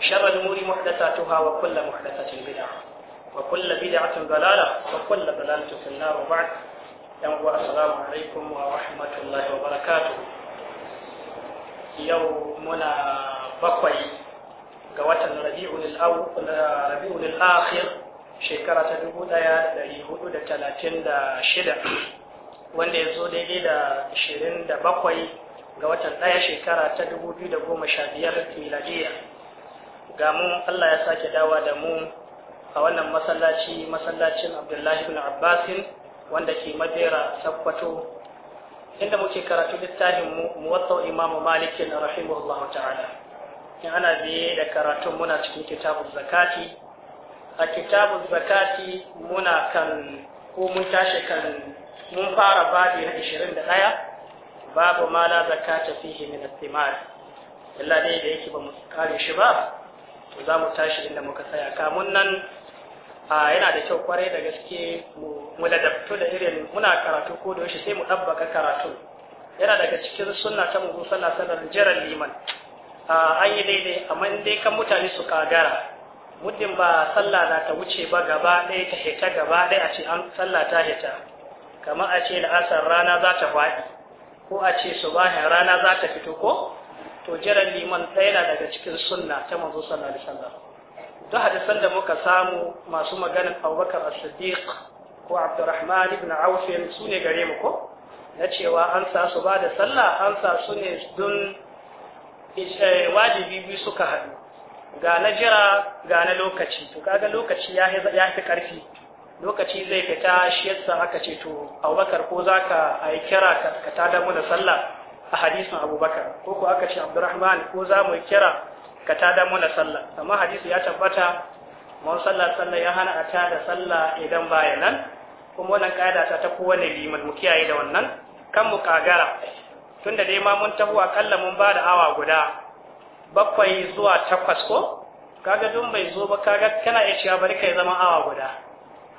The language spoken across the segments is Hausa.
شر الأمور محدثاتها وكل محدثة بدعة وكل بدعة ضلالة وكل ضلالة في النار وبعد السلام عليكم ورحمة الله وبركاته يومنا بقي قوات الربيع الربيع الآخر شكرة دبودا يا دريهود تلاتين دا شدة wanda ya zo daidai da 27 ga watan ɗaya shekara ta 2015 miladiyya ga mu Allah ya sake dawa da mu a wannan masallaci masallacin Abdullahi bin Abbas wanda ke Madera Sakkwato inda muke karatu littafin mu Muwatta Imam Malik rahimahullahu ta'ala in ana biye da karatun muna cikin kitabun zakati a kitabun zakati muna kan ko mun tashi kan mun fara babi na 21 babu ma zakata fihi min al-thimar illa da yake ba mu kare shi ba za mu tashi inda muka tsaya kamun nan yana da kyau kwarai da gaske mu ladabtu da irin muna karatu ko da yaushe sai mu ɗabbaka karatu yana daga cikin sunna ta mu sallah sallar jiran liman an yi daidai amma in dai kan mutane su kagara muddin ba sallah na ta wuce ba gaba ɗaya ta hita gaba ɗaya a ce an sallah ta hita kamar a ce la'asar rana za ta faɗi ko a ce subahin rana za ta fito ko to jiran liman ta yana daga cikin sunna ta manzo sallallahu alaihi wasallam duk hadisan da muka samu masu maganar Abubakar As-Siddiq ko Abdurrahman ibn Auf su ne gare mu ko na cewa an sa su ba da sallah an sa su ne don eh, wajibi biyu suka haɗu ga na jira ga na lokaci to kaga lokaci ya ya fi karfi lokaci zai fita shi yasa aka ce to Abubakar ko zaka ayi kira ka tada mu da sallah a hadisin abubakar ko ko aka ce abdurrahman ko za mu kira ka ta damu mana sallah amma hadisi ya tabbata mun sallah sallah ya hana a da sallah idan baya nan kuma wannan kaida ta ta kowane liman mu kiyaye da wannan kan mu kagara tunda dai ma mun taho akalla mun ba da awa guda bakwai zuwa takwas ko kaga dun bai zo ba kaga kana iya cewa bari kai zama awa guda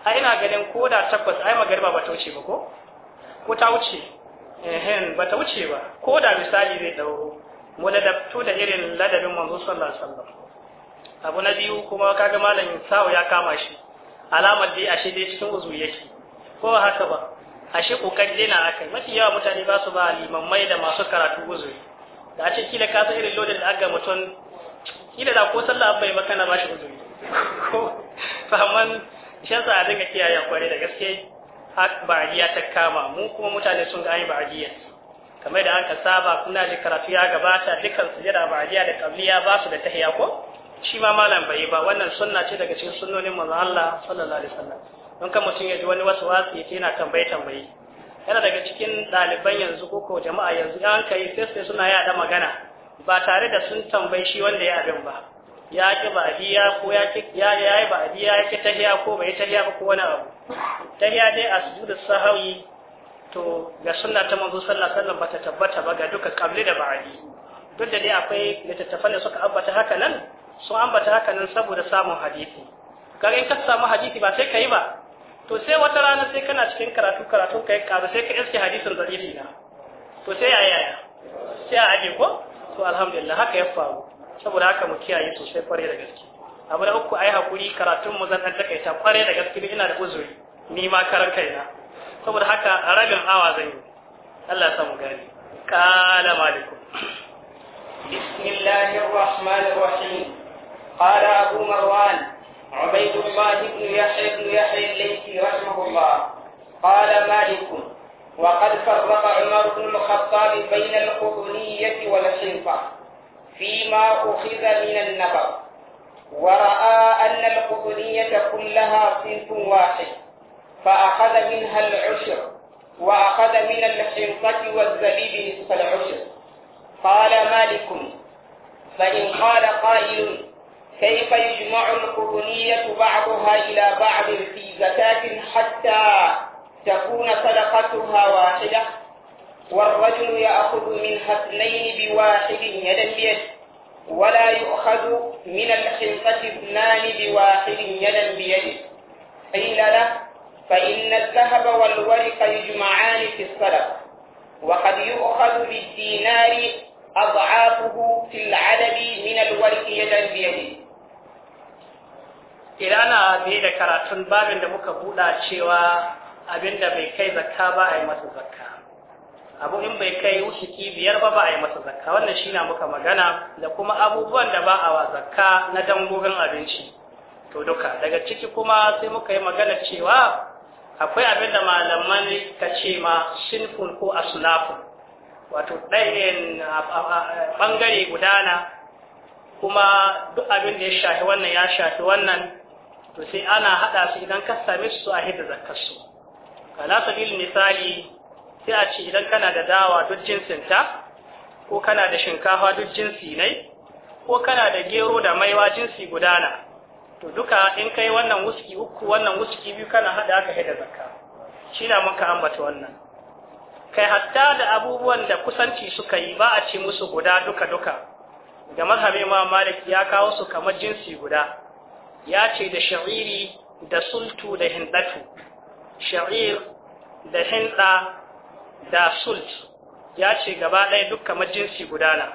ai ina ganin ko da takwas ai magariba ba ta wuce ba ko ko ta wuce ehen ba ta wuce ba ko da misali zai dauro mu ladabtu da irin ladabin manzo sallallahu alaihi wasallam abu na biyu kuma kaga malamin sawo ya kama shi alamar dai ashe dai cikin uzu yake ko haka ba ashe kokari na aka mafi yawa mutane ba su ba limammai da masu karatu uzu da a ce kila ka san irin lodin da aka mutum kila da ko sallah bai maka na bashi uzu ko fahamman shi yasa a dinga kiyaye kware da gaske ba'adiyya ta kama mu kuma mutane sun ga an yi ba'adiyya kamar da aka saba kuna da karatu ya gabata dukkan sujada ba'adiyya da qabliya ba su da tahiya ko shi ma malam bai ba wannan sunna ce daga cikin sunnonin manzo Allah sallallahu alaihi wasallam don kan mutum ya ji wani wasu wasu ya yana tambaye tambaye yana daga cikin ɗaliban yanzu ko ko jama'a yanzu an kai sai suna yaɗa magana ba tare da sun tambayi shi wanda ya abin ba ya ki ba'diya ko ya ki ya yayi ba'diya ya ki tahiya ko bai tahiya ba ko wani abu tahiya dai a sujudu sahawi to ga sunna ta manzo sallallahu alaihi wasallam bata tabbata ba ga duka qabli da ba'di duk da dai akwai littattafan da suka ambata haka nan su ambata haka nan saboda samun hadisi kaga ka samu hadisi ba sai kai ba to sai wata rana sai kana cikin karatu karatu kai karu sai ka iske hadisin zalifi na to sai yaya sai a ko to alhamdulillah haka ya faru saboda haka mu kiyaye sosai kware da gaske abu da uku ayi hakuri karatun mu zan takaita kware da gaske ina da uzuri ni ma karan kaina saboda haka rabin awa zan yi Allah ya samu gani qala malikum bismillahir rahmanir rahim qala abu marwan عبيد الله بن يحيى بن يحيى الليثي رحمه الله قال مالك وقد فرق عمر بن الخطاب بين القرنية والحنطة فيما أخذ من النبر ورأى أن القطنية كلها صنف واحد فأخذ منها العشر وأخذ من الحنطة والزبيب نصف العشر قال مالك فإن قال قائل كيف يجمع القطنية بعضها إلى بعض في زكاة حتى تكون صدقتها واحدة والرجل يأخذ من حسنين بواحد يدا بيد ولا يؤخذ من الخلقة اثنان بواحد يدا بيد قيل له فإن الذهب والورق يجمعان في الصدقة وقد يؤخذ بالدينار أضعافه في العدد من الورق يدا بيد idan ana biye da karatun babin da muka buɗa cewa abinda bai kai zakka ba a yi masa zakka abu in bai kai wushiki biyar ba ba a yi masa zakka wannan shi na muka magana da kuma abubuwan da ba a wa zakka na dangogin abinci to duka daga ciki kuma sai muka yi magana cewa akwai abin da malaman ka ce ma sinful ko asulafu wato ɗayan ɓangare gudana kuma duk abin da ya shafi wannan ya shafi wannan to sai ana haɗa su idan ka same su a hidda zakkarsu. Kala sabilin misali sai a ce idan kana da dawa duk jinsinta ko kana da shinkafa duk jinsi ne ko kana da gero da maiwa jinsi gudana to duka in kai wannan wuski uku wannan wuski biyu kana hada aka hada zakka shi na muka ambata wannan kai hatta da abubuwan da kusanci suka yi ba a ce musu guda duka duka ga mazhabi Imam Malik ya kawo su kamar jinsi guda ya ce da sha'iri da sultu da hindatu sha'ir da hinda da sult ya ce gaba ɗaya dukkan majinsi gudana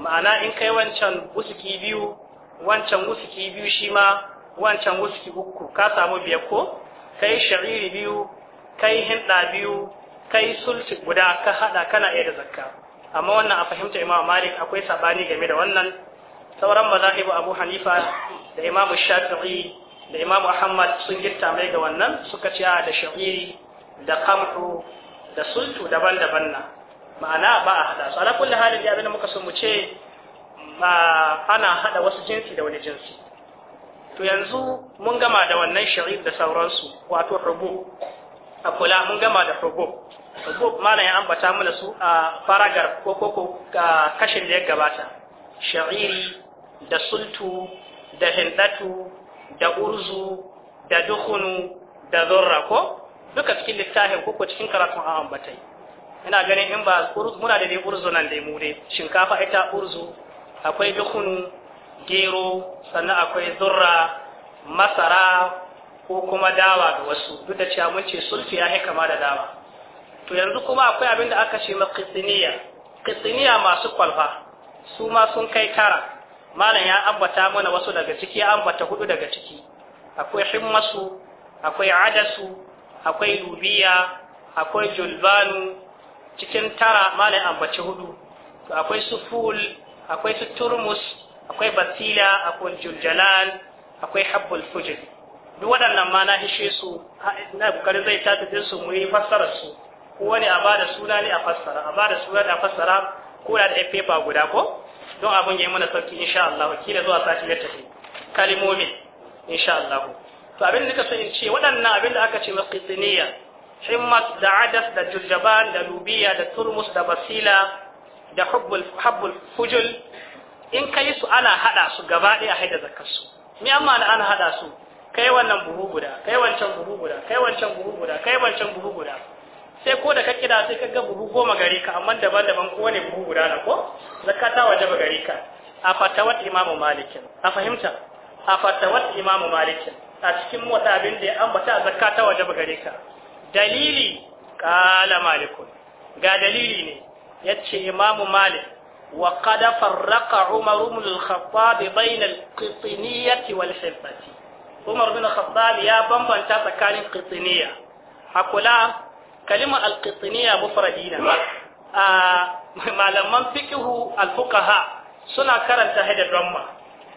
ma'ana in kai wancan wusuki biyu wancan wusuki biyu shi ma wancan wusuki uku ka samu biyar ko kai shariri biyu kai hinɗa biyu kai sult guda ka haɗa kana iya da zakka amma wannan a fahimta imam malik akwai sabani game da wannan sauran mazahibu abu hanifa da imam shafi'i da imam ahmad sun gitta mai ga wannan suka ce da shariri da kamhu da sultu daban-daban na ma'ana ba a hada su ala kulli halin da abin muka so mu ce ba ana hada wasu jinsi da wani jinsi to yanzu mun gama da wannan shari'a da sauransu wato rubu a kula mun gama da rubu rubu mana ya ambata mana su a faragar ko ko kashin da ya gabata sha'iri da sultu da hindatu da urzu da dukhunu da zurra ko duka cikin littafin ko cikin karatun an ambatai ina ganin in ba muna da dai urzu nan dai mu shinkafa ita urzu akwai dukunu gero sannan akwai zurra masara ko kuma dawa da wasu duk da cewa mun ce sulfi ya kama da dawa to yanzu kuma akwai abin da aka ce ma kitsiniya masu kwalfa su ma sun kai tara malam ya ambata mana wasu daga ciki ya ambata hudu daga ciki akwai himmasu akwai adasu akwai lubiya akwai julbanu cikin tara malam ambaci hudu to akwai suful akwai su turmus akwai batila akwai juljalan akwai habbul fujin. duk waɗannan ma na hishe su na bukari zai tata din su muyi fassara su ko wani a bada suna ne a fassara a bada suna a fassara ko da ɗaya pepa guda ko don abin ya yi mana sauki insha Allah kila zuwa sati ya tafi kalimomi insha Allah to abin da kasan in ce waɗannan abin da aka ce wa qitiniya himmat da adas da jujjaban da lubiya da turmus da basila da hubbul fujul in kai su ana hada su gaba ɗaya haida zakar su Mi amma na ana hada su kai wannan buhu guda kai wancan buhu guda kai wancan buhu guda kai wancan buhu guda sai ko da ka kira sai ka ga buhu goma gari ka amma daban-daban ko ne buhu guda na ko waje ba gari ka a fatawat imamu malikin a fahimta a fatawat imamu malikin a cikin wata abin da ya ambata zakka ta wajaba gare ka dalili Kala malikun ga dalili ne yace imamu malik wa kada farraka umar ibn al bayna al wal hilfati umar ibn al-khattab ya bambanta tsakanin qitniyya hakula kalima al-qitniyya mufradina a malaman fiqhu al suna karanta hada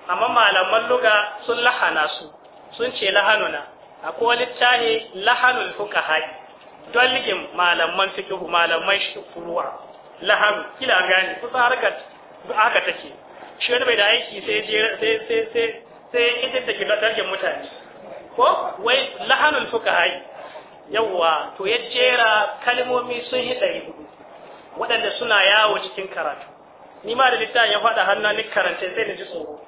amma malaman luga sun lahana su sun ce lahanuna akwai wani tahi lahanul fuqaha dolgin malaman fiqhu malaman shuruwa lahanu kila gani kusa harkar haka take shi wani bai da aiki sai sai sai sai sai ita take dolgin mutane ko wai lahanul fuqaha yawa to ya jera kalmomi sun yi ɗari hudu waɗanda suna yawo cikin karatu ni ma da littafin ya faɗa hannu ni karanta sai na ji tsoro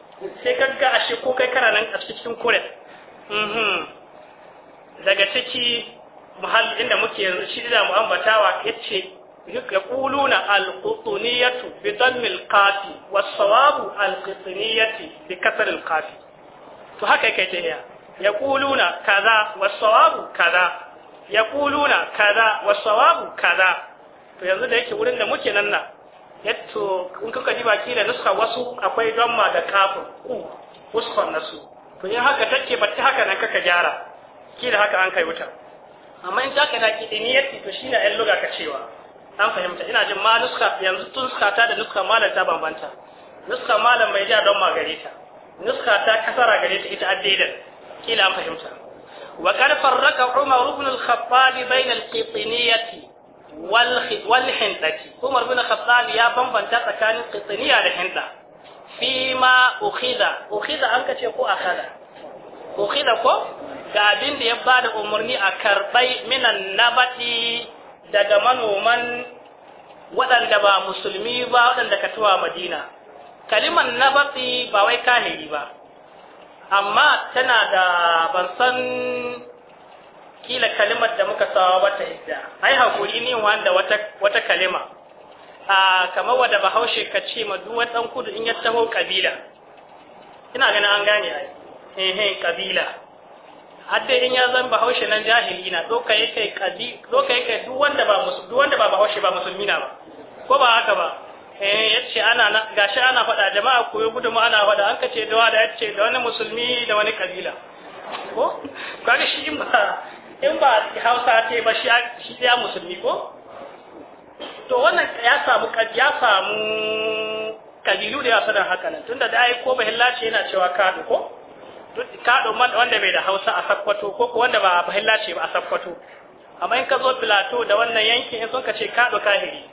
sai kaga ashe ko kai karanan a cikin kuren Mhm. daga ciki muhalli inda muke yanzu shi da mu ambatawa yace ya quluna al-qutuniyatu bi dammil qati wa sawabu al-qutuniyati bi kasr al-qati to haka yake ce ya ya quluna kaza wa sawabu kaza ya quluna kaza wa sawabu kaza to yanzu da yake wurin da muke nan na yato in kuka ji baki da nuska wasu akwai damma da kafin ku wasu nasu to in haka take ba ta haka nan kaka gyara da haka an kai wuta amma in taka na kidiniyati to shine ɗan luga ka cewa an fahimta ina jin ma nuska yanzu tun nuska ta da nuska malam ta bambanta nuska malam bai ja don magareta nuska ta kasara gare ta ita addaidan kila an fahimta wa kad farraka umar ibn al-khattab bayna al-qitiniyati wal wal hindati umar ibn al-khattab ya bambanta tsakanin qitiniya da hinda fi ma ukhida ukhida an kace ko akhada ukhida ko ga abin da ya bada umarni a karbai minan nabati daga manoman waɗanda ba musulmi ba waɗanda ka tuwa madina kaliman nabati ba wai kahiri ba amma tana da ban san kila kalimar da muka sawa wata hidda ai hakuri ni wanda wata wata kalima kamar wadda bahaushe ka ce ma duk wani ɗan kudu in ya taho kabila ina ganin an gane ai eh kabila hadda in ya zan bahaushe nan jahili na doka yake kabi doka yake duk wanda ba duk wanda ba bahaushe ba musulmi na ba ko ba haka ba eh yace ana gashi ana faɗa jama'a koyo gudu mu ana faɗa an kace da yace da wani musulmi da wani kabila ko kaga shi in ba in ba Hausa ce ba shi shi ya musulmi ko to wannan ya samu ya samu kabilu da ya sanar haka nan tunda da ai ko bahilla hillace yana cewa kado ko kado wanda bai da Hausa a Sakkwato ko ko wanda ba bahilla ce ba a Sakkwato amma in ka zo plateau da wannan yankin in sun ka ce kado kahiri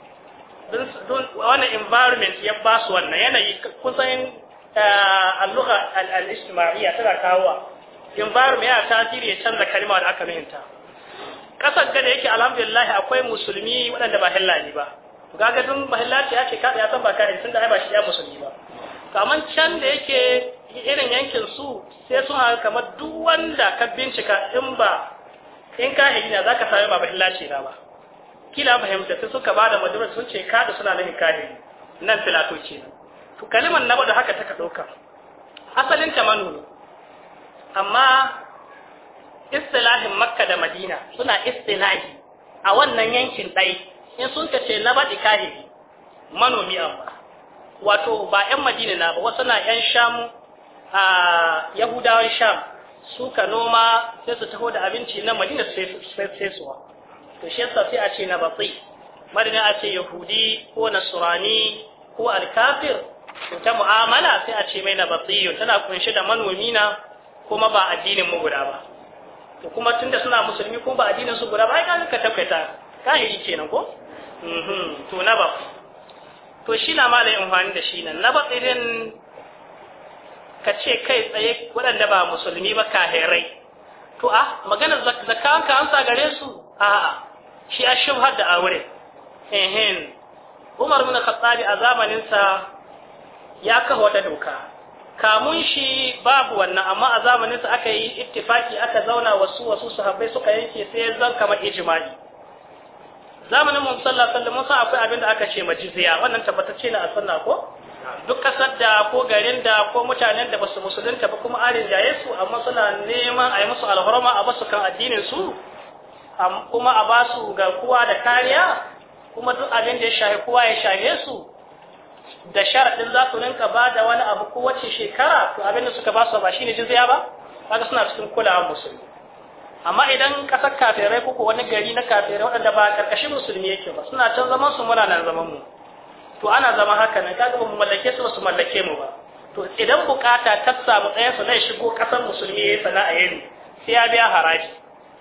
dun wannan environment ya ba su wannan yanayi kusan eh, al-lugha al-ijtima'iyya tana kawo environment ya tasiri ya canza kalma da aka fahimta kasan ka da yake alhamdulillah akwai musulmi waɗanda ba hillani ba to kaga dun ba hillaci ya ce kada ya san ba kai tunda ai ba shi ya musulmi ba to amma can da yake irin yankin su sai sun haka kamar duk wanda ka bincika in ba in ka na zaka sami ba hillaci na ba kila fahimta sai suka bada madura sun ce kada suna nan kahiri nan filato kenan to kalimar na bada haka ta ka dauka asalin ta manu amma istilahin makka da madina suna istilahi a wannan yankin ɗai in sun ka ce na baɗi kahiri manomi amma wato ba 'yan madina na ba wasu na 'yan shamu a yahudawan sham suka noma sai su taho da abinci na madina sai suwa to shi yasa sai a ce na batsi madina a ce yahudi ko nasurani ko alkafir to ta mu'amala sai a ce mai na batsi tana kunshe da manomi na kuma ba addinin mu guda ba to kuma tunda suna musulmi ko ba addinin su guda ba ai ka tabbata kahiri kenan ko mhm to na ba to shi na malai amfani da shi nan na ba irin ka ce kai tsaye waɗanda ba musulmi ba kahirai to a maganar zakkan ka amsa gare su a'a shi a shubhar da aure ehin Umar bin Khattab a zamanin sa ya kafa wata doka kamun shi babu wannan amma a zamanin su aka yi ittifaki aka zauna wasu wasu sahabbai suka yanke sai ya zan kamar ijma'i zamanin mu sallallahu alaihi wasallam sai akwai abin da aka ce majiziya wannan tabbatacce ne a sunna ko duk kasar da ko garin da ko mutanen da basu musulunta ba kuma arin jaye su amma suna neman a yi musu alhurma a basu kan addinin su kuma a basu ga garkuwa da kariya kuma duk abin da ya shahi kowa ya shaye su da sharadin za su rinka ba da wani abu ko wace shekara to abinda suka ba su ba shine jizya ba kaga suna cikin kulawa musulmi amma idan kasar kafirai ko wani gari na kafirai waɗanda ba karkashin musulmi yake ba suna can zaman su muna nan zaman mu to ana zama haka nan kaga ba mu mallake su ba su mallake mu ba to idan bukata ta samu ɗaya su zai shigo kasar musulmi ya sana'a yanzu sai ya biya haraji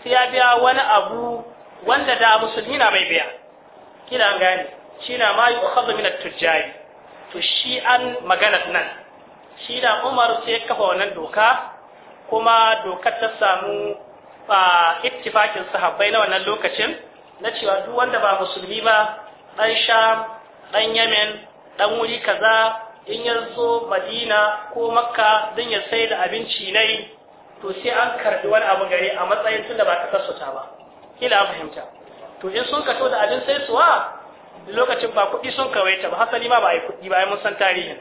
sai ya biya wani abu wanda da musulmi na bai biya kina gane shi na ma yi ukhadhu min at-tujjari to shi an maganar nan shi da umar sai kafa wannan doka kuma dokar ta samu a ittifakin sahabbai na wannan lokacin na cewa duk wanda ba musulmi ba dan Sha, dan yamen dan wuri kaza in ya zo madina ko makka don ya sai da abinci ne to sai an karbi wani abu gare a matsayin tun da ba ka sassuta ba kila fahimta to in sun kato da abin sai suwa lokacin ba kuɗi sun kawaita ba hasali ma ba a yi kuɗi ba mun san tarihin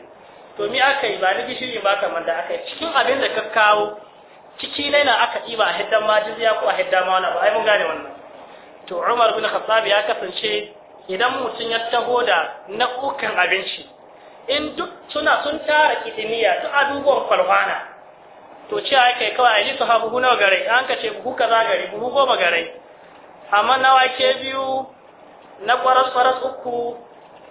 to mi aka yi ba ni gishiri ba kamar da aka yi cikin abin da ka kawo ciki na yana aka ɗiba a hiddan ma jizya ko a hiddan ma wani ba ai mun gane wannan to Umar bin Khattab ya kasance idan mutum ya taho da nau'ukan abinci in duk suna sun tara kidiniya ta abubuwan kwalwana to ce a kai kawai a ji su habu nawa gare an ka ce buhu kaza gare buhu goma gare amma nawa ke biyu na kwaras kwaras uku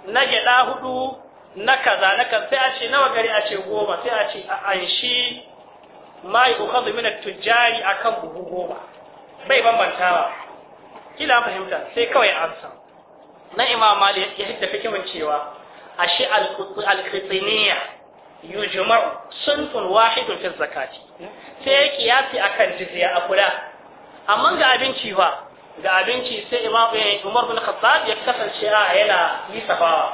na gyada hudu na kaza na kan sai a ce nawa gari a ce goma sai a ce an shi mai ukhadhu domin tujari akan buhu goma bai bambantawa kila fahimta sai kawai ansa na imam malik ya fi kimin cewa ashe al-qitiniya yujma'u sunfun wahidun fi zakati sai ya kiyasi akan jizya a kula amma ga abinci ba. da abinci sai ya umar bin khattab ya kasance a yana nisafawa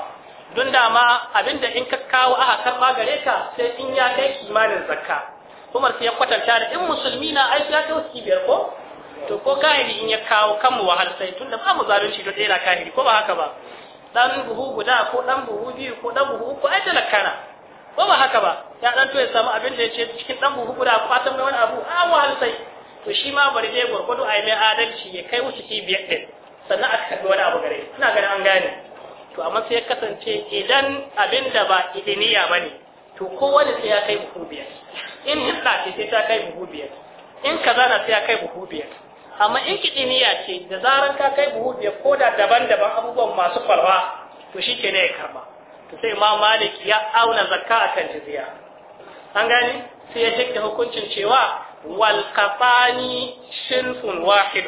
don dama abinda in ka kawo aka karba gare ka sai in ya kai kimanin zakka umar sai ya kwatanta da in musulmi na aiki ya kai biyar ko to ko kahiri in ya kawo kan mu wahal sai tunda ba mu zalunci don ɗaya kahiri ko ba haka ba dan buhu guda ko dan buhu biyu ko dan buhu uku ai talakana ko ba haka ba ya dan to ya samu abin da ya ce cikin dan buhu guda ko fatan mai wani abu a wahal sai to shi ma bari dai gwargwado a yi mai adalci ya kai wuce biyar ɗin sannan aka karɓi wani abu gare ina ganin an gane to amma sai ya kasance idan abin da ba idiniya ba ne to kowane sai ya kai buhu biyar in hidda ce sai ta kai buhu biyar in kaza na sai ya kai buhu biyar amma in kidiniya ce da zaran ka kai buhu biyar ko da daban-daban abubuwan masu farwa to shi ke ne ya karba to sai ma malik ya auna zakka akan jiziya an gane sai ya shakka hukuncin cewa wal kafani sinfun wahid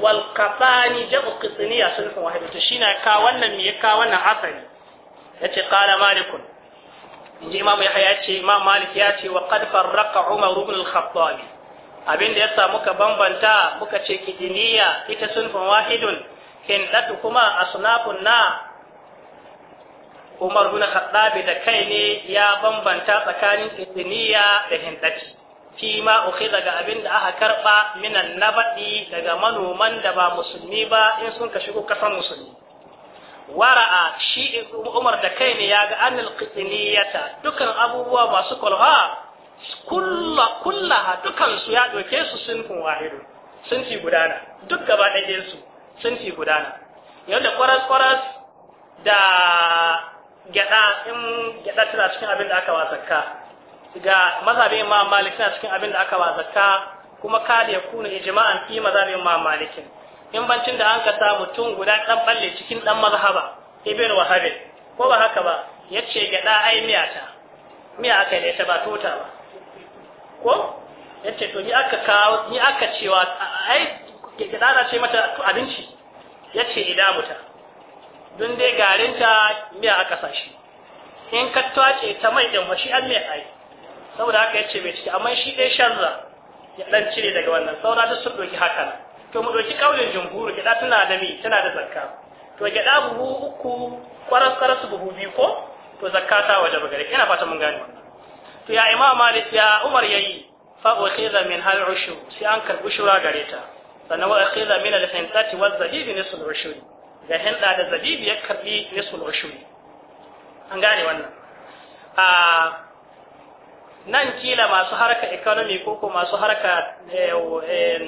wal kafani jabu qisniya sinfun wahid to na ka wannan me ya ka wannan asali yace qala malikun inji imamu ya yace ma malik yace wa qad farraqa umar ibn al-khattab abinda yasa muka bambanta muka ce kidiniya ita sunfun wahidun hindatu kuma asnafun na Umar bin Khattab da kai ne ya bambanta tsakanin isniya da hindaci shi ma uke daga abin da aka karba minan nabadi daga manoman da ba musulmi ba in sun ka shigo kasan musulmi wara'a shi Umar da kai ne ya ga anil qitniyata dukan abubuwa masu kulha kulla kullaha dukan su ya doke su kun wahidu sun fi gudana duk gaba ɗayan su gudana yadda kwaras kwaras da gyada in gyada tana cikin abin da aka wa zakka ga mazhabin imam malik tana cikin abin da aka wa zakka kuma da ya kuna ijma'an fi mazhabin imam malik in bancin da an ka sa mutum guda dan balle cikin dan mazhaba ibn wahab ko ba haka ba yace gyada ai miya ta miya aka ne ta ba tota ba ko yace to ni aka kawo ni aka cewa ai gyada ce mata abinci yace ida muta don dai garinta mai aka sa shi in ka tace ta mai din shi an mai ai saboda haka yace bai ciki amma shi dai sharra ya dan cire daga wannan saura duk sun doki hakan to mu doki ƙaunin jumhur gyaɗa tana da mi tana da zakka to gyaɗa buhu uku kwaras kwaras buhu biyu ko to zakka ta waje bagare ina fata mun gane to ya imam malik ya umar yayi fa ukhiza min hal ushu sai an karbi shura gare ta sannan wa ukhiza min al fintati wa zahibi nisul ushuri da hinda da zabibi ya karbi nisul ushuri an gane wannan a nan kila masu harka economy ko ko masu harka eh, eh,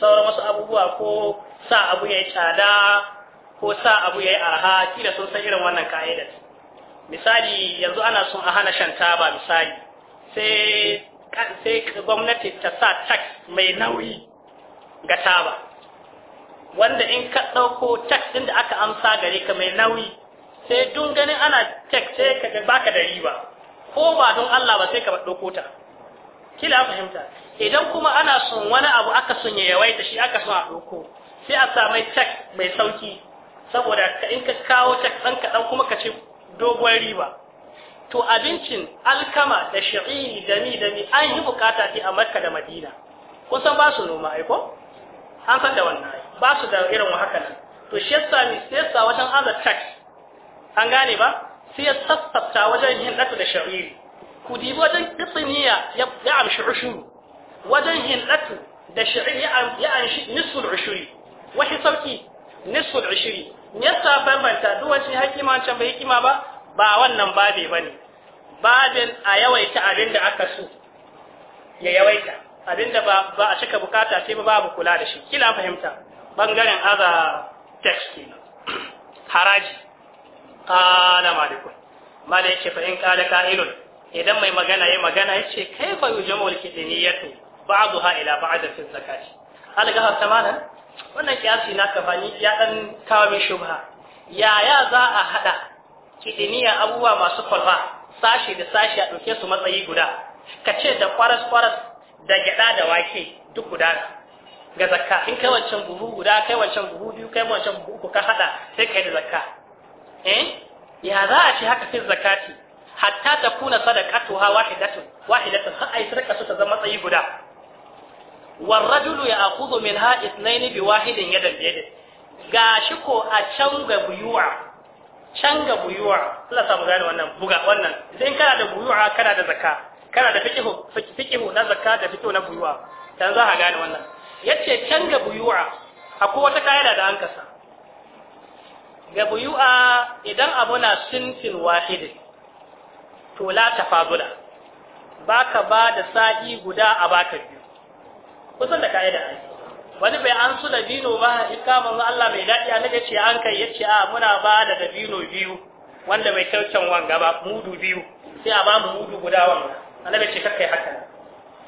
sauran wasu abubuwa ko sa abu ya yi tsada ko sa abu ya yi arha kila sun san irin wannan ka'idar misali yanzu ana son a hana shan taba misali sai sai gwamnati ta sa tax mai nauyi ga taba wanda in ka ɗauko tax ɗin da aka amsa gare ka mai nauyi sai dun ganin ana tax sai ka ga baka da riba ko ba don Allah ba sai ka ɗauko ta kila fahimta idan kuma ana son wani abu aka sunye yawaita shi aka son a ɗauko sai a samai tax mai sauki saboda in ka kawo tax ɗan kuma ka ce doguwar riba to abincin alkama da shi'iri da mi da mi an yi bukata ce a makka da madina kusan ba su noma aiko an san da wannan ba su da irin haka nan to shi yasa mi sai yasa wajen haza tax an gane ba sai ya sassafta wajen hindata da shari'i ku dibi wajen kitsiniya ya amshi ushuru wajen hindatu da shari'i ya amshi nisful ushuri wahi sauki nisful ushuri yasa bambanta duk wani hakima can bai hikima ba ba wannan babe bane babin a yawaita abin da aka so ya yawaita abinda ba ba a cika bukata sai ba babu kula da shi kila fahimta bangaren aza text kenan haraji qala malikun mala fa in qala qa'ilun idan mai magana ya magana yace ya yujamu al-kidniyatu ba'daha ila ba'd fi zakati alga mana wannan kiyasi na kafani ya ɗan kawo min shubha yaya za a haɗa kiɗiniya abubuwa masu kwalba sashi da sashi a ɗauke su matsayi guda kace da kwaras kwaras da gyada da wake duk guda ga zakka in kai wancan buhu guda kai wancan buhu biyu kai wancan buhu uku ka hada sai kai da zakka eh ya za a ce haka fi zakati hatta ta kuna sadaqatuha wahidatu wahidatu har ai sadaqa su ta zama tsayi guda war rajulu ya'khudhu minha ithnain bi wahidin yadan bi yadin gashi ko a can ga buyuwa can ga buyuwa Allah samu gane wannan buga wannan idan kana da buyuwa kana da zakka kana da fiqhu fiqhu na zakka da fiqhu na buyuwa dan za ka gane wannan yace ga buyu'a akwai wata kaida da an kasa ga buyu'a idan abu na sintin wahidin to la tafadula baka ba da sa'i guda a baka biyu kusan da kaida wani bai an su dabino ba ikamin Allah bai dadi annabi ce an kai yace a muna ba da dabino biyu wanda bai taucan wanga ba mudu biyu sai a ba mu mudu guda wanga annabi ce kakkai haka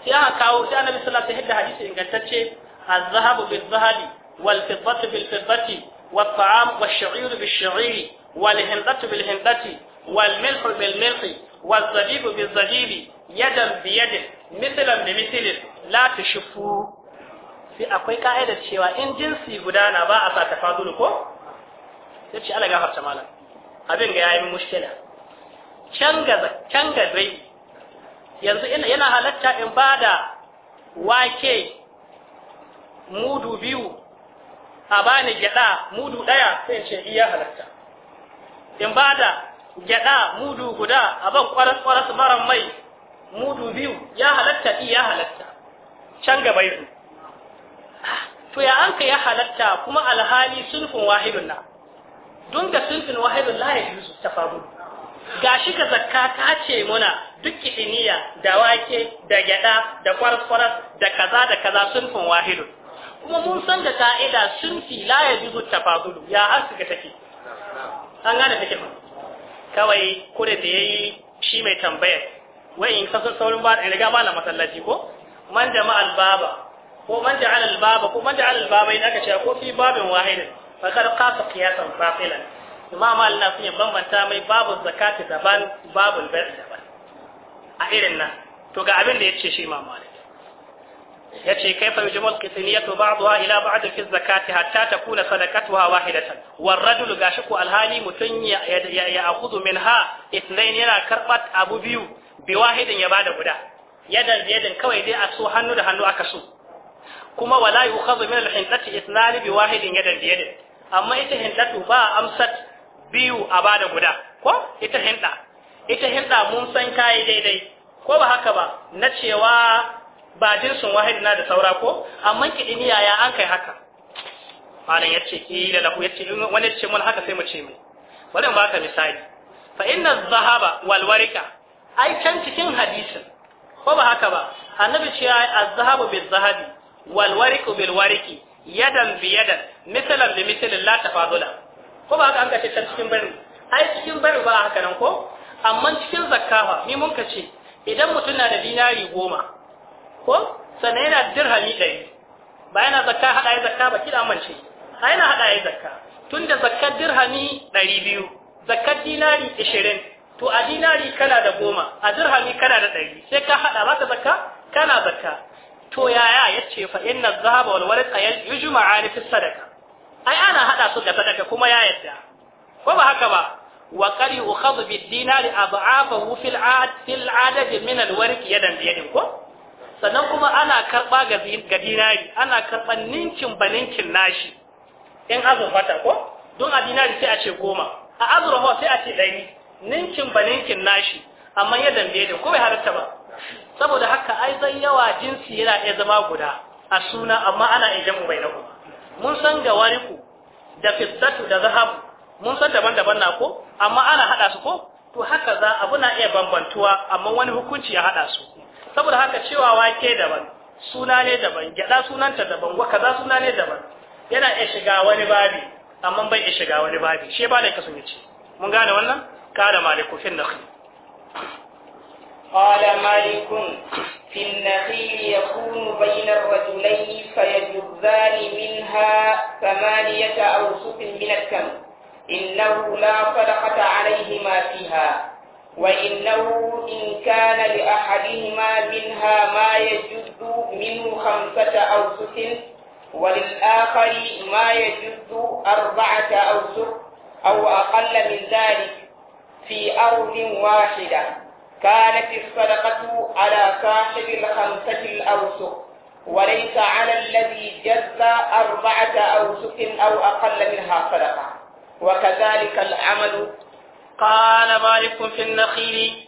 sai aka kawo sai annabi sallallahu alaihi wasallam hadisi ingantacce الذهب بالذهب والفضة بالفضة والطعام والشعير بالشعير والهندة بالهندة والملح بالملح والزبيب بالزبيب يدا بيد مثلا بمثل لا تشفوا sai akwai ka'idar cewa in jinsi gudana ba a sa tafadul ko sai malam abin ga yayin mushkila Can ga dai yanzu yana halatta in bada wake mudu biyu a bani gyada mudu daya sai ce iya halatta in ba da gyada mudu guda a ban kwaras kwaras maran mai mudu biyu ya halatta iya halatta can gaba yi to ya an ya halatta kuma alhali sulfin wahidun na don ga sulfin wahidun la ya yusu Ga shi ka zakka ta ce muna duk kiɗiniya da wake da gyada da kwaras kwaras da kaza da kaza sulfin wahidun kuma mun san da ka'ida sunfi la ya juzu tafadulu ya hasu ga take an gane take ba kawai kure da yayi shi mai tambayar wai in kaso saurin ba in riga mala masallaci ko man jama al-baba ko man ja'al al-baba ko man ja'al al-baba in aka ce ko fi babin wahidin fa kar qasa qiyasan fasilan imam Allah sun bambanta mai babu zakati daban babu bai daban a irin nan to ga abin da yace shi imam Malik ya yace kaifa yujmal qitaniyatu ba'daha ila ba'd fi zakati hatta takuna sadaqatuha wahidatan war rajul gashiku alhali mutum ya min minha ithnain yana karbat abu biyu bi wahidin ya bada guda yadan yadan kawai dai a so hannu da hannu aka so kuma wala yukhadhu min alhintati ithnan bi wahidin yadan yadan amma ita hintatu ba amsat biyu a bada guda ko ita hinda ita hinda mun san kai daidai ko ba haka ba na cewa ba jinsin wahid na da saura ko amma kidimiya ya an kai haka malam yace eh, da lahu yace in wani yace mun haka sai mu ce mu bari mu baka misali fa inna zahaba wal warika ai can cikin hadisin ko ba haka ba annabi ce ai az-zahabu bil zahabi wal wariku bil wariki yadan bi yadan misalan bi misalin la tafadula ko ba haka an ka ce can cikin bari ai cikin bari ba haka nan ko amma cikin zakkafa ni mun ka ce idan mutum na da dinari goma ko sannan yana dirhami ɗari ba yana zakka haɗa ya zakka ba kila mance a yana haɗa ya zakka tun da zakkar dirhami ɗari biyu zakkar dinari ishirin to a dinari kana da goma a dirhami kana da ɗari sai ka haɗa ba ka zakka kana zakka to yaya ya ce fa inna zahaba wal warqa yujma'ani fi sadaka ai ana haɗa su da sadaka kuma ya yadda ko ba haka ba wa qad yukhadhu bid dinari ab'afahu fil 'ad fil 'adad min al warq yadan biyadin ko sannan kuma ana karɓa ga dinari ana karɓa ninkin ba ninkin nashi in azurfata ko don a dinari sai a ce goma a azurfa sai a ce ɗari ninkin ba ninkin nashi amma ya dambe da ko bai halatta ba saboda haka ai zan yawa jinsi yana iya zama guda a suna amma ana iya jamu bai nahu mun san ga wariku da fiddatu da zahabu mun san daban-daban na ko amma ana haɗa su ko to haka za abu na iya bambantuwa amma wani hukunci ya haɗa su saboda haka cewa wake daban suna ne daban gyada sunanta daban wa kaza suna ne daban yana iya shiga wani babi amma bai iya shiga wani babi shi ba da sun yace mun gane wannan kada maliku fin nakhil qala malikun fi nakhil yakunu bayna ar-rajulayn fayajuzani minha thamaniyata awsufin min al-kam innahu la sadaqata alayhima fiha وإنه إن كان لأحدهما منها ما يجد منه خمسة أوسط وللآخر ما يجد أربعة أوسط أو أقل من ذلك في أرض واحدة كانت الصدقة على صاحب الخمسة الأوسط وليس على الذي جد أربعة أوسط أو أقل منها صدقة وكذلك العمل قال مالك في النخيل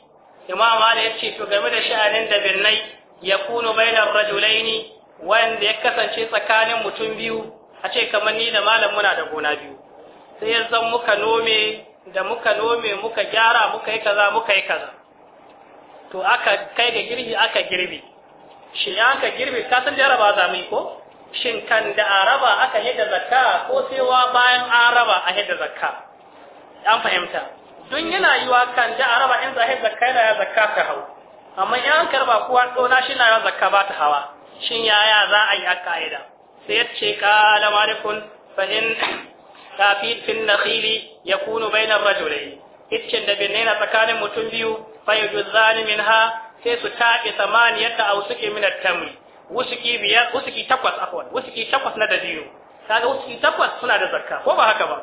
إمام مالك يتشي تقام دا شأن دا برني يكون بين الرجلين وان دا يكسن شي سكان متن بيو أشي كمني دا مالا منا دا قونا بيو سيزم مكا نومي da muka nome muka gyara muka yi kaza muka yi kaza to aka kai da girbi aka girbi shi aka girbi ka san jaraba ko shin kan da araba aka hidda zakka ko sewa bayan araba a hidda zakka an fahimta don yana wa kan da araba in zahir zakka yana ya zakka ka hau amma in an karba kowa tsona shi na ya zakka ba ta hawa shin yaya za a yi a ka'ida sai ya ce kala malikun fa in tafi fin nakhili bai na rajulai iccen da binne na tsakanin mutum biyu min ha sai su taɓe samaniyata a wusuki minar tamri wusuki biyar takwas na da biyu kaga wusuki takwas suna da zakka ko ba haka ba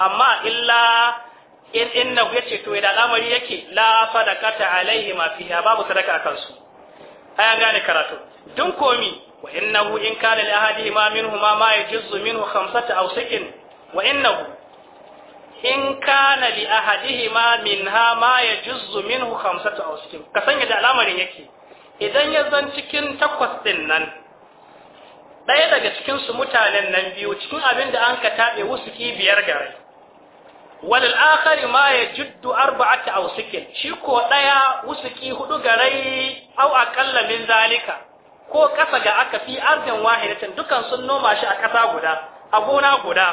amma illa in inna yace to idan al'amari yake la sadaqata alaihi ma fiha babu sadaka akan su ayan gane karatu dun komi wa innahu in kana li ahadi ma minhu ma ma yajuzzu minhu khamsata aw sikin wa innahu in kana li ahadihi ma minha ma yajuzzu minhu khamsata aw sikin ka sanya da al'amarin yake idan ya zan cikin takwas din nan ɗaya daga cikinsu mutanen nan biyu cikin abin da an ka taɓe ki biyar gare walil akhari ma ya juddu yajuddu arba'ati awsikin shi ko daya wusuki hudu garai au aqalla min zalika ko kasa ga aka fi ardin wahidatin dukan sun noma shi a kasa guda a gona guda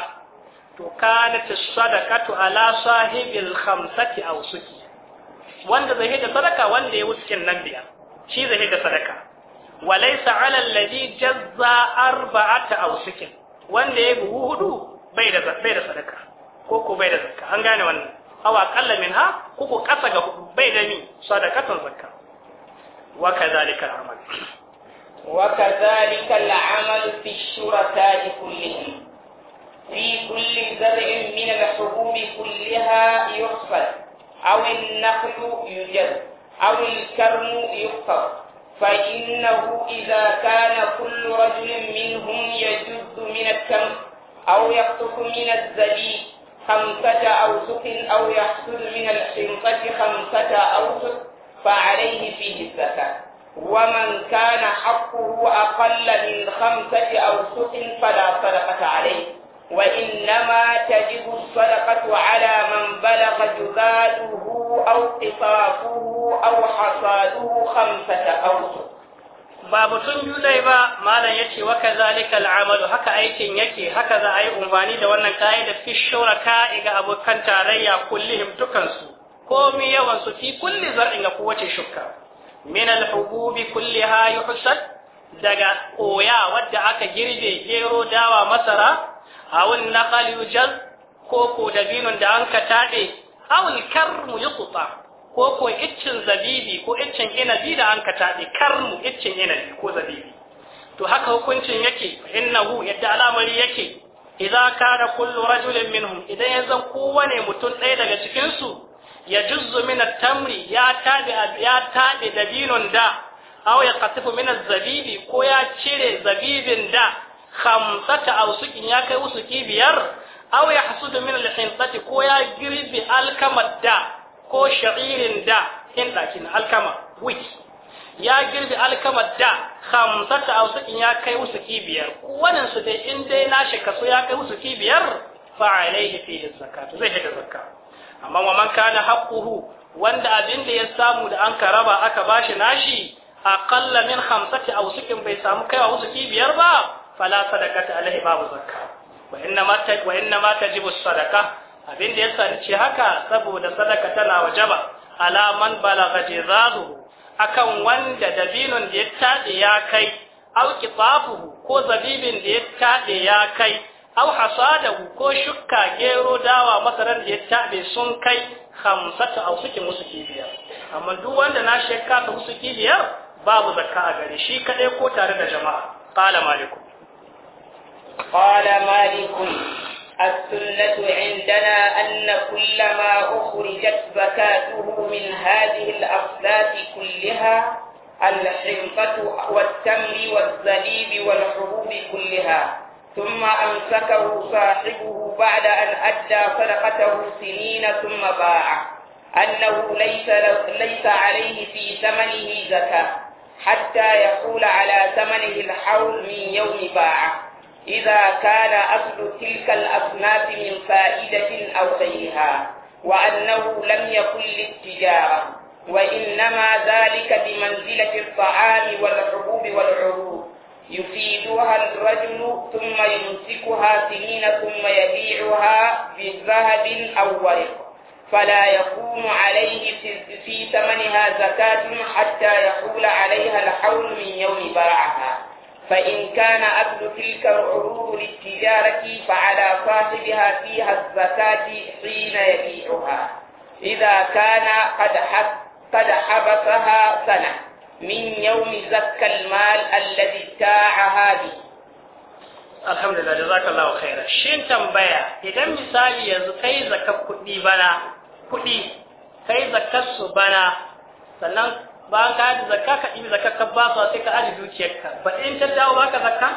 to ta sadaqatu ala sahibil khamsati awsuki wanda zai da sadaka wanda ya wusukin nan biya shi zai da sadaka walaysa ala alladhi jazza arba'ata awsikin wanda ya buhu hudu bai da bai da sadaka ko ko bai da zakka an gane wannan aw aqalla minha ko ko kasa ga hudu bai da ni sadakatan zakka wa kadhalika al-amal wa kadhalika al-amal fi shuraka kullihim في كل زرع من الحبوب كلها يحصد أو النخل يجد أو الكرم يقطر فإنه إذا كان كل رجل منهم يجد من التمر أو يقطف من الزبيب خمسة أوسق أو يحصل من الحنطة خمسة أوسق فعليه فيه الزكاة ومن كان حقه أقل من خمسة أوسق فلا صدقة عليه وإنما تجب الصدقة على من بلغ جذاده أو قصافه أو حصاده خمسة أوسق ba mutum yulai ba malam ya ce waka zalika al'amalu haka aikin yake haka za a yi umarni da wannan kayan da fi ka'i ga abokan tarayya kullum dukansu komi yawan su fi kulli zar'in ga kowace shukka min al-hububi ha yuhsad daga koya wadda aka girbe gero dawa masara awun naqal yujaz ko ko dabinun da an ka tade awul karmu yuqta ko ko iccin zabibi ko iccin inabi da an ka taɓe karmu iccin inabi ko zabibi to haka hukuncin yake innahu yadda al'amari yake idza kana kullu rajulin minhum idan yanzan kowane mutum ɗaya daga cikin su ya juzzu min at-tamri ya tabi ya tabi dabinon da aw ya qatifu min az-zabibi ko ya cire zabibin da khamsata aw sukin ya kai usuki biyar aw ya hasudu min al-hintati ko ya girbi alkamar da ko sha'irin da hin ɗakin alkama wiki ya girbi alkama da hamsata a usukin ya kai wasu biyar wannan su dai in dai nashi kaso ya kai wasu biyar fa alaihi fi to zai hada zakka amma wa man kana haqquhu wanda abin da ya samu da an karaba aka bashi nashi aqalla min hamsati aw sukin bai samu kaiwa wasu biyar ba fala sadaqata alaihi babu zakka wa inna ma wa inna ma tajibu sadaqah abin da ya sanci haka saboda sadaka tana wajaba ala man balaga jazahu akan wanda dabinun da ya tade ya kai aw qitafuhu ko zabibin da ya tade ya kai aw hasadahu ko shukka gero dawa masaran da ya tade sun kai khamsata aw suke musu kibiya amma duk wanda na shekka ta musu kibiya babu zakka a gare shi kadai ko tare da jama'a qala malikum qala malikum السنة عندنا أن كل ما أخرجت زكاته من هذه الأصناف كلها الحنطة والتمر والزليب والحبوب كلها ثم أمسكه صاحبه بعد أن أدى صدقته سنين ثم باع أنه ليس, ليس عليه في ثمنه زكاة حتى يقول على ثمنه الحول من يوم باعه إذا كان أصل تلك الأصناف من فائدة أو غيرها وأنه لم يكن للتجارة وإنما ذلك بمنزلة الطعام والحبوب والعروض يفيدها الرجل ثم يمسكها سنين ثم يبيعها بذهب أو ورق فلا يقوم عليه في ثمنها زكاة حتى يحول عليها الحول من يوم برعها فإن كان أكل تلك العروض للتجارة فعلى صاحبها فيها الزكاة حين يبيعها إذا كان قد قد حبسها سنة من يوم زكى المال الذي ابتاعها به alhamdulillah jazakallahu khairan shin tambaya idan misali yanzu kai zakar زكا كدي بنا كدي كي زكا سبنا سنن ba ka zakka ka ɗibi zakka ka ba sai ka aji dukiyarka ba in ta dawo ba ka zakka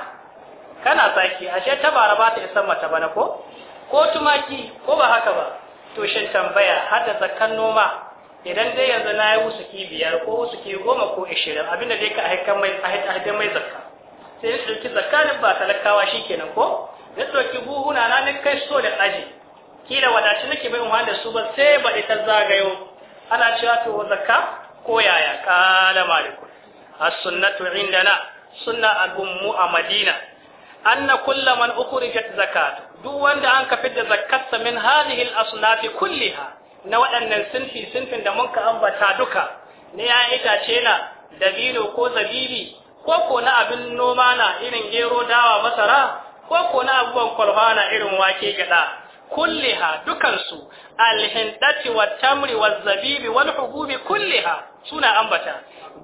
kana sake ashe ta bara ba ta isa mata bana ko ko tumaki ko ba haka ba to shin tambaya har da zakkan noma idan dai yanzu na yi wusuki biyar ko wusuki goma ko ishirin abinda dai ka ahaikan mai ahaikan mai zakka sai ya ɗauki zakkanin ba talakawa shi kenan ko ya ɗauki buhuna na na kai so da aji kila wadaci nake bai umar da su ba sai ba ita zagayo ana cewa to zakka ko yaya kala malikun as-sunnatu indana sunna abun mu a madina anna kulla man ukhrijat zakat duk wanda an ka fidda zakat min hadhihi al-asnaf kulliha na waɗannan sinfi sinfin da mun ka ambata duka ne ya itace na dabino ko zabibi ko ko na abin noma na irin gero dawa masara ko ko na abubuwan kwalfa na irin wake gada كلها دكنسو الهندة والتمر والزبيب والحبوب كلها سنة أنبتا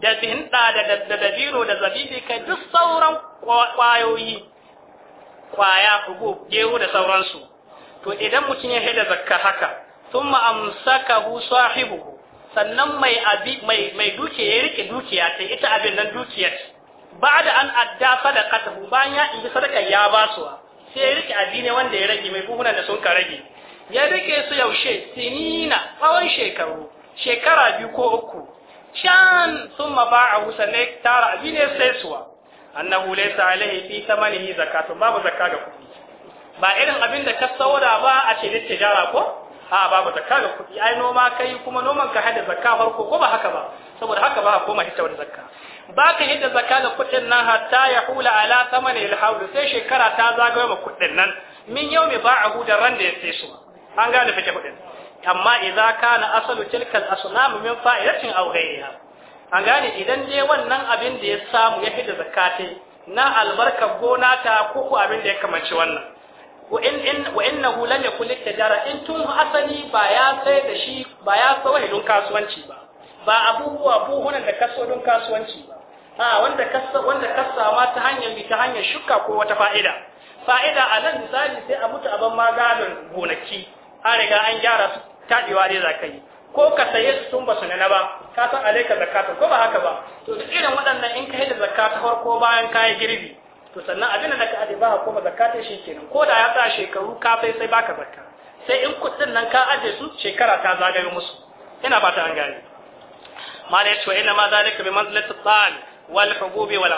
da zinda da dabino da zabibi kai duk sauran kwaya hugu gero da sauransu to idan mutum ya haida zakka haka thumma amsakahu sahibuhu sannan mai abi ya rike dukiya ta ita abin nan dukiyar ba'da an adda sadaqatahu bayan ya yi sadaka ya basuwa sai ya rike addini wanda ya rage mai buhunan da sun ka rage ya rike su yaushe sinina tsawon shekaru shekara biyu ko uku can sun ma a wusa ne tara addini sai suwa annahu laysa alaihi fi thamanihi zakatun babu zakka ga kuɗi ba irin abin da ka saura ba a ce ne tijara ko a babu zakka ga kuɗi ai noma kai kuma noman ka hada zaka farko ko ba haka ba saboda haka ba a koma hita wani zakka baka hidda zaka da kuɗin nan hatta ya hula ala sama ne sai shekara ta zagaye ma kuɗin nan min yau mai a da ran da ya sai su an gane fike kuɗin amma idza kana asalu tilka al-asnam min fa'idatin aw ghayriha an gane idan dai wannan abin da ya samu ya da zakate na albarkar gona ta ko ko abin da ya kamanci wannan wa in in wa innahu lam yakul litijara in tun asali ba ya sai da shi ba ya sai kasuwanci ba ba abubuwa buhunan da kaso don kasuwanci ba wanda kasa wanda kasa ma ta hanyar bi ta hanyar shuka ko wata fa'ida fa'ida a nan misali sai a mutu a ban magadon gonaki an riga an gyara su taɗewa dai za ko ka saye su tun ba su nana ba ka san alaika zakata ko ba haka ba to da irin waɗannan in ka yi da zakata farko bayan ka yi girbi to sannan abin da ka aje ba ko ba zakata shi kenan ko da ya sa shekaru ka sai sai baka zakka sai in kuɗin nan ka aje su shekara ta zagaye musu ina ba ta an gane ma da yace inna ma zalika bi manzilati tal wal hububi wal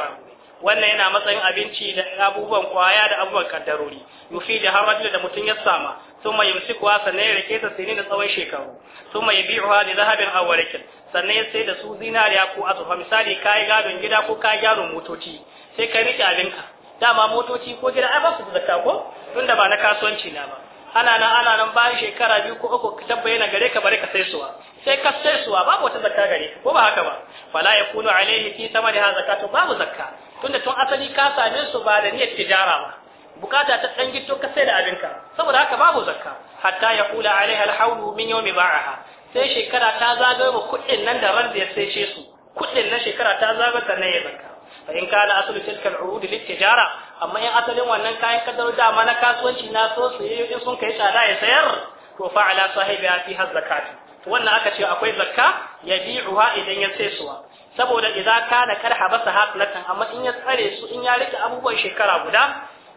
wannan yana matsayin abinci da abubuwan kwaya da abubuwan kaddarori yufi da harajul da mutun ya sama thumma yumsikuha sannan ya rike ta sinin da tsawon shekaru thumma biyu li da zahabin warakin sannan ya sai da su zinariya ko azurfa misali kai gadon gida ko kai gyaron motoci sai ka rike abinka dama motoci ko gida ai ba su zakka ko tunda ba na kasuwanci na ba ana nan ana nan bayan shekara biyu ko uku ka tabbaye na gare ka bare ka sai suwa sai ka sai suwa babu wata zakka gare ko ba haka ba fala yakunu alaihi fi samari ha zakatu babu zakka tunda tun asali ka same su ba da niyyar tijara ba bukata ta dan gito ka sai da abinka saboda haka babu zakka hatta yaqula alaiha alhawlu min yawmi ba'aha sai shekara ta zagayo kuɗin nan da ran da ya sai su kuɗin na shekara ta zagayo sannan ya zakka fa in kana aslu tilka al'urud amma in asalin wannan kayan kadar dama na kasuwanci na so su yi in sun kai tsada ya sayar to fa ala sahibi fi zakatu. wannan aka ce akwai zakka ya bi'uha idan ya sai suwa saboda idan kana karha basa haflatan amma in ya tsare su in ya rike abubuwan shekara guda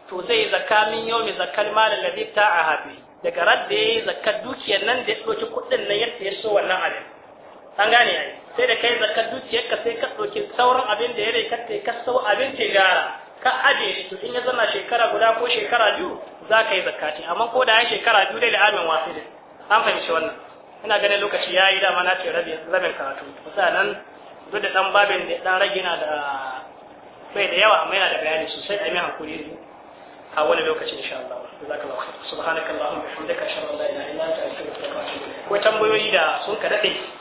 to zai zakka min yawmi zakkal mal ladhi ta'aha bi daga radda yayi zakkar dukiyar nan da ya doki kuɗin nan ya sayar so wannan abin an gane ai sai da kai zakkar dukiyar ka sai ka doki sauran abin da ya rike kai ka sau abin gara ka aje su to in ya zama shekara guda ko shekara biyu za ka yi zakati amma ko da ya shekara biyu dai da amin wasu an fahimci wannan ina ganin lokaci ya yi dama na ce rabin karatu kusa nan duk da ɗan babin da ɗan rage na da bai da yawa amma yana da bayani sosai a yi hankuri a wani lokaci insha Allah jazakallahu khair subhanakallahumma wa bihamdika ashhadu an la ilaha illa anta astaghfiruka wa atubu ilayk ko tambayoyi da sun ka dade